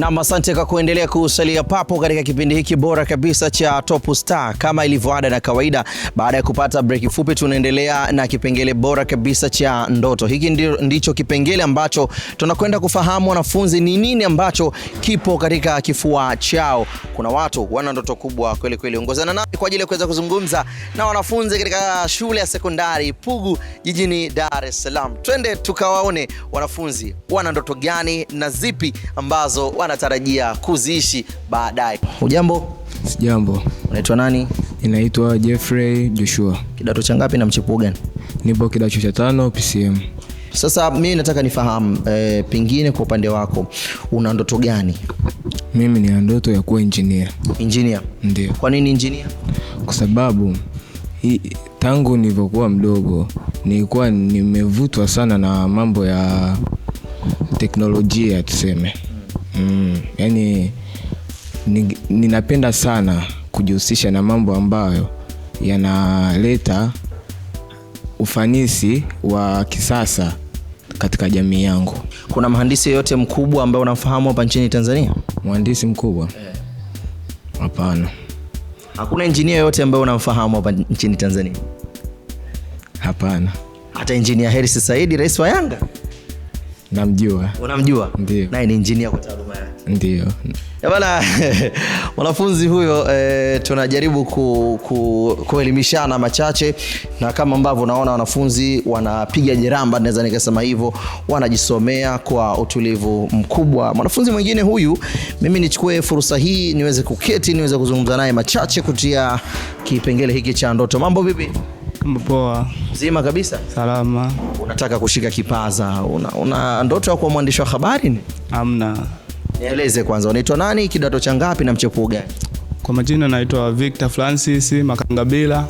Nam, asante kwa kuendelea kusalia papo katika kipindi hiki bora kabisa cha Top Star. Kama ilivyoada na kawaida, baada ya kupata breki fupi, tunaendelea na kipengele bora kabisa cha ndoto. Hiki ndicho kipengele ambacho tunakwenda kufahamu wanafunzi ni nini ambacho kipo katika kifua chao. Kuna watu wana ndoto kubwa kweli kweli. Ongozana nami kwa ajili ya kuweza kuzungumza na wanafunzi katika shule ya sekondari Pugu jijini Dar es Salaam. Twende tukawaone wanafunzi wana ndoto gani na zipi ambazo wana anatarajia kuziishi baadaye. Hujambo? Sijambo. Unaitwa nani? Inaitwa Jeffrey Joshua. Kidato cha ngapi na mchepuo gani? Nipo kidato cha tano PCM. Sasa mimi nataka nifahamu e, pengine kwa upande wako una ndoto gani? Mimi nina ndoto ya kuwa engineer. Engineer? Ndio. Kwa nini engineer? Kwa sababu i, tangu nilivyokuwa mdogo nilikuwa nimevutwa sana na mambo ya teknolojia tuseme mm, yani ninapenda ni, sana kujihusisha na mambo ambayo yanaleta ufanisi wa kisasa katika jamii yangu. Kuna mhandisi yeyote mkubwa ambaye unamfahamu hapa nchini Tanzania? Mhandisi mkubwa? Eh. Hapana. Eh. Hakuna injinia yoyote ambaye unamfahamu hapa nchini Tanzania? Hapana. Hata injinia Hersi saidi rais wa Yanga? Namjua. Unamjua? Ndio. Naye ni injinia kwa ndio bana mwanafunzi huyo e, tunajaribu ku, ku, kuelimishana machache na kama ambavyo unaona wanafunzi wanapiga jeramba naweza nikasema hivyo wanajisomea kwa utulivu mkubwa mwanafunzi mwingine huyu mimi nichukue fursa hii niweze kuketi niweze kuzungumza naye machache kutia kipengele hiki cha ndoto mambo vipi Poa. Mzima kabisa? Salama. Unataka kushika kipaza, una, una ndoto ya kuwa mwandishi wa habari ni? amna Nieleze kwanza unaitwa nani, kidato cha ngapi na mchepuo gani? Kwa majina naitwa Victor Francis Makangabila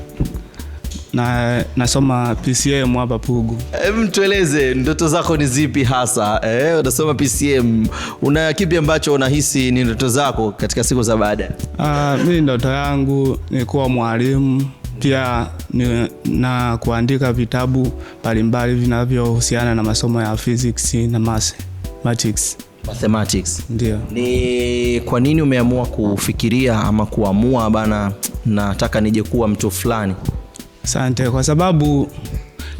na nasoma PCM hapa Pugu. Hem, tueleze ndoto zako ni zipi hasa? Eh, unasoma PCM, una kipi ambacho unahisi ni ndoto zako katika siku za baadaye? Ah, mimi ndoto yangu ni kuwa mwalimu pia ni, na kuandika vitabu mbalimbali vinavyohusiana na masomo ya physics na mathematics mathematics. Ndio. Ni kwa nini umeamua kufikiria ama kuamua bana, nataka nije kuwa mtu fulani? Asante, kwa sababu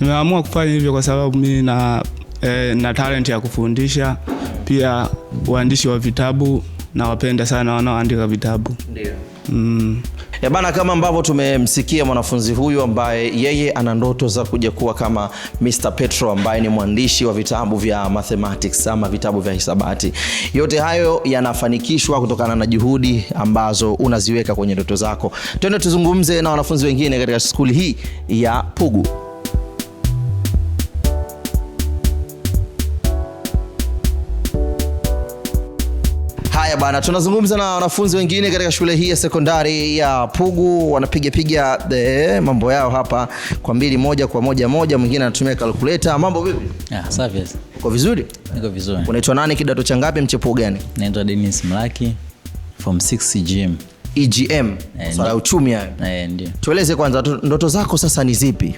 nimeamua kufanya hivyo kwa sababu mi na, e, na talent ya kufundisha pia uandishi wa vitabu na wapenda sana wanaoandika vitabu. Ndio. Mm. Ya bana, kama ambavyo tumemsikia mwanafunzi huyu ambaye yeye ana ndoto za kuja kuwa kama Mr. Petro ambaye ni mwandishi wa vitabu vya mathematics ama vitabu vya hisabati. Yote hayo yanafanikishwa kutokana na juhudi ambazo unaziweka kwenye ndoto zako. Twende tuzungumze na wanafunzi wengine katika skuli hii ya Pugu. bana, tunazungumza na wanafunzi wengine katika shule hii ya sekondari ya Pugu, wanapigapiga eh, mambo yao hapa kwa mbili moja kwa moja moja, mwingine anatumia calculator. Mambo vipi? Ah, safi. Uko vizuri? Niko vizuri. Unaitwa nani, kidato cha ngapi, mchepuo gani? Naitwa Dennis Mlaki, form 6 gym. EGM eh, swala ya uchumi hayo. Eh, Tueleze kwanza ndoto zako sasa ni zipi?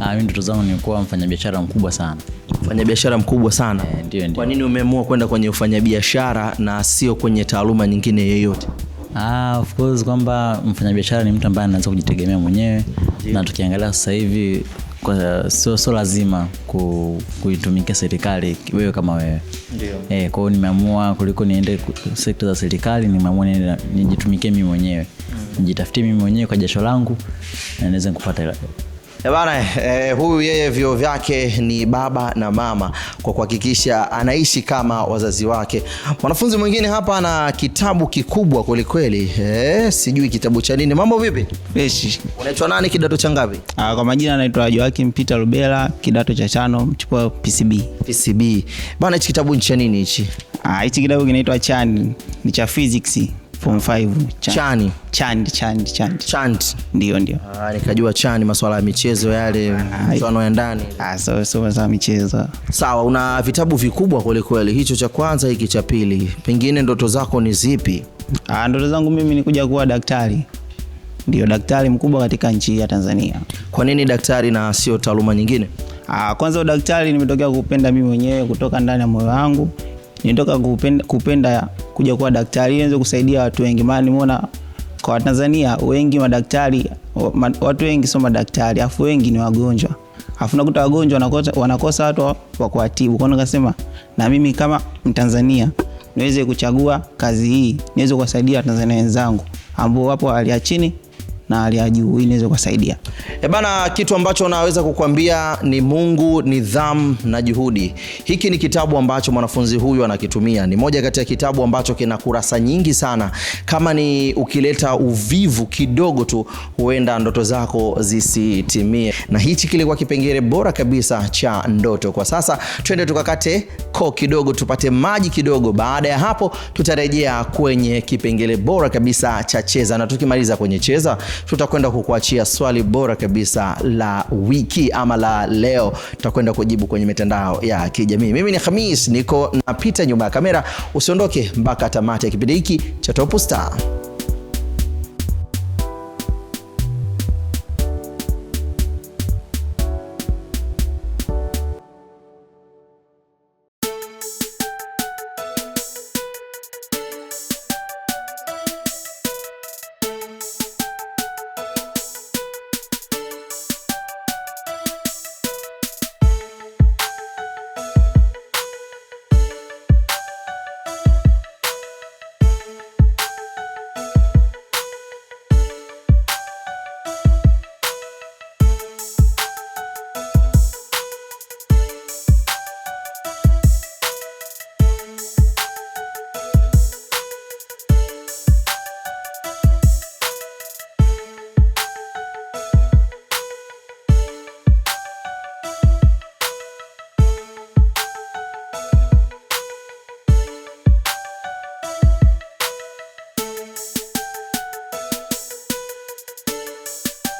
Ah, mimi ndoto zangu ni kuwa mfanyabiashara mkubwa sana. Mfanyabiashara mkubwa sana. Eh, ndio, ndio. Kwa nini umeamua kwenda kwenye ufanyabiashara na sio kwenye taaluma nyingine yoyote? Ah, of course kwamba mfanyabiashara ni mtu ambaye anaweza kujitegemea mwenyewe Na tukiangalia sasa hivi sio so, lazima ku, kuitumikia serikali wewe kama wewe e, eh, kwao nimeamua kuliko niende sekta za serikali nimeamua nijitumikie mii mwenyewe nijitafitie mm. nijitafutie mwenyewe kwa jasho langu na niweze kupata Eh, bana eh, huyu yeye vio vyake ni baba na mama kwa kuhakikisha anaishi kama wazazi wake. Mwanafunzi mwingine hapa ana kitabu kikubwa kwelikweli, eh, sijui kitabu cha nini. Mambo vipi? Beshi. Unaitwa nani, kidato cha ngapi? Ah, kwa majina anaitwa Joakim Peter Rubela, kidato cha chano, mchukua PCB. PCB. Bana, hichi kitabu ni cha nini hichi? Ah, hichi kitabu kinaitwa Chan, ni cha physics form 5 chani ndio ndio. Ah, nikajua chani, ya michezo yale, ah, mfano ah, ya ndani. michezo. Sawa, una vitabu vikubwa kwelikweli hicho cha kwanza, hiki cha pili. Pengine ndoto zako ni zipi? ndoto zangu mimi ni kuja kuwa daktari ndio daktari mkubwa katika nchi ya Tanzania. Kwa nini daktari na sio taaluma nyingine? Aa, kwanza udaktari nimetokea kupenda mii mwenyewe kutoka ndani ya moyo wangu, nitoka kupenda, kupenda kuja kuwa daktari niweze kusaidia watu wengi, maana nimeona kwa Tanzania wengi madaktari, watu wengi sio madaktari, afu wengi ni wagonjwa, afu nakuta wagonjwa wanakosa, wanakosa watu wa kuwatibu. Kwa nikasema na mimi kama Mtanzania niweze kuchagua kazi hii niweze kuwasaidia Watanzania wenzangu ambao wapo hali ya chini na hali ya juu ili niweze kusaidia. Eh bana, kitu ambacho naweza kukwambia ni Mungu, nidhamu na juhudi. Hiki ni kitabu ambacho mwanafunzi huyu anakitumia, ni moja kati ya kitabu ambacho kina kurasa nyingi sana. Kama ni ukileta uvivu kidogo tu, huenda ndoto zako zisitimie, na hichi kilikuwa kipengele bora kabisa cha ndoto. Kwa sasa twende tukakate ko kidogo, tupate maji kidogo. Baada ya hapo, tutarejea kwenye kipengele bora kabisa cha cheza, na tukimaliza kwenye cheza tutakwenda kukuachia swali bora kabisa la wiki ama la leo, tutakwenda kujibu kwenye mitandao ya kijamii. Mimi ni Khamis, niko napita nyuma ya kamera. Usiondoke mpaka tamati ya kipindi hiki cha Top Star.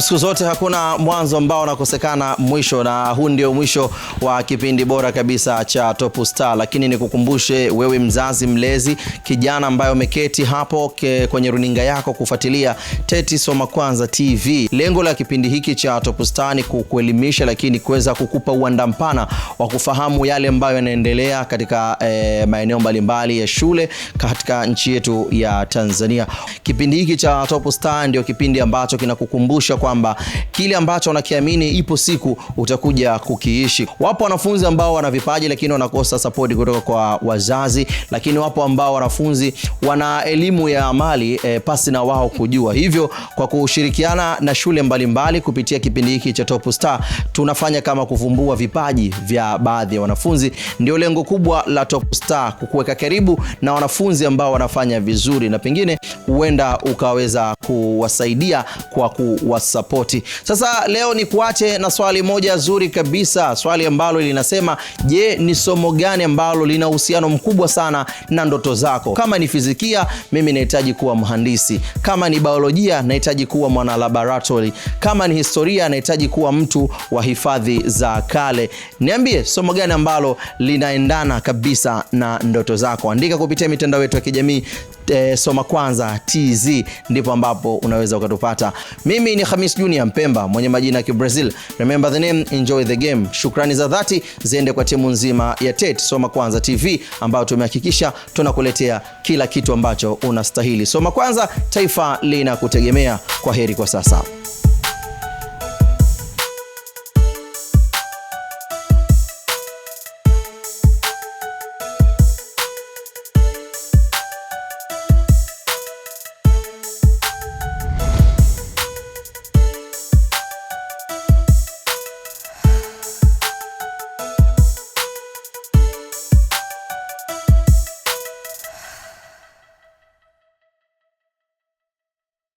Siku zote hakuna mwanzo ambao unakosekana mwisho, na huu ndio mwisho wa kipindi bora kabisa cha Top Star. Lakini nikukumbushe wewe mzazi mlezi, kijana ambaye umeketi hapo ke, kwenye runinga yako kufuatilia Teti Soma Kwanza TV, lengo la kipindi hiki cha Top Star ni kukuelimisha, lakini kuweza kukupa uwanda mpana wa kufahamu yale ambayo yanaendelea katika eh, maeneo mbalimbali ya shule katika nchi yetu ya Tanzania. Kipindi hiki cha Top Star ndio kipindi ambacho kinakukumbusha kwamba kile ambacho unakiamini ipo siku utakuja kukiishi. Wapo wanafunzi ambao wana vipaji lakini wanakosa support kutoka kwa wazazi, lakini wapo ambao wanafunzi wana elimu ya amali e, pasi na wao kujua. Hivyo kwa kushirikiana na shule mbalimbali mbali, kupitia kipindi hiki cha Top Star tunafanya kama kuvumbua vipaji vya baadhi ya wanafunzi. Ndio lengo kubwa la Top Star, kukuweka karibu na wanafunzi ambao wanafanya vizuri na pengine huenda ukaweza kuwasaidia kwa kuwasa kusapoti. Sasa leo ni kuache na swali moja zuri kabisa, swali ambalo linasema je, ni somo gani ambalo lina uhusiano mkubwa sana na ndoto zako? Kama ni fizikia, mimi nahitaji kuwa mhandisi. Kama ni biolojia, nahitaji kuwa mwana laboratory. Kama ni historia, nahitaji kuwa mtu wa hifadhi za kale. Niambie somo gani ambalo linaendana kabisa na ndoto zako. Andika kupitia mitandao yetu ya kijamii e, Soma Kwanza TZ ndipo ambapo unaweza ukatupata. Mimi ni hamis Junior Mpemba mwenye majina ya Kibrazil. Remember the name, enjoy the game. Shukrani za dhati ziende kwa timu nzima ya TET Soma Kwanza TV ambayo tumehakikisha tunakuletea kila kitu ambacho unastahili. Soma Kwanza, taifa linakutegemea. Kwa heri kwa sasa.